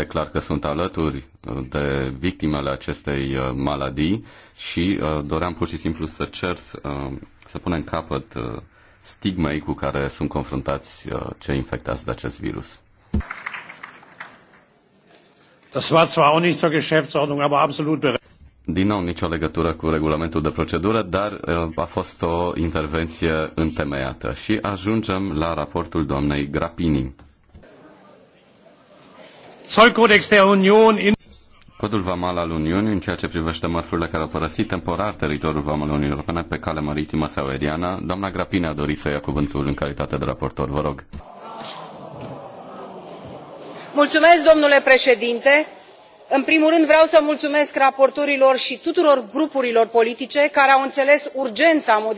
Este clar că sunt alături uh, de victimele acestei uh, maladii și uh, doream pur și simplu să cer să punem capăt stigmei cu care sunt confruntați cei infectați de acest virus. Das war zwar auch nicht zur Geschäftsordnung, aber absolut din nou, nicio legătură cu regulamentul de procedură, dar a fost o intervenție întemeiată. Și ajungem la raportul doamnei Grapini. Codul Vamal al Uniunii, în ceea ce privește mărfurile care au părăsit temporar teritoriul Vamal Uniunii Europene pe cale maritimă sau aeriană, doamna Grapine a dorit să ia cuvântul în calitate de raportor. Vă rog. Mulțumesc, domnule președinte. În primul rând vreau să mulțumesc raportorilor și tuturor grupurilor politice care au înțeles urgența modificării.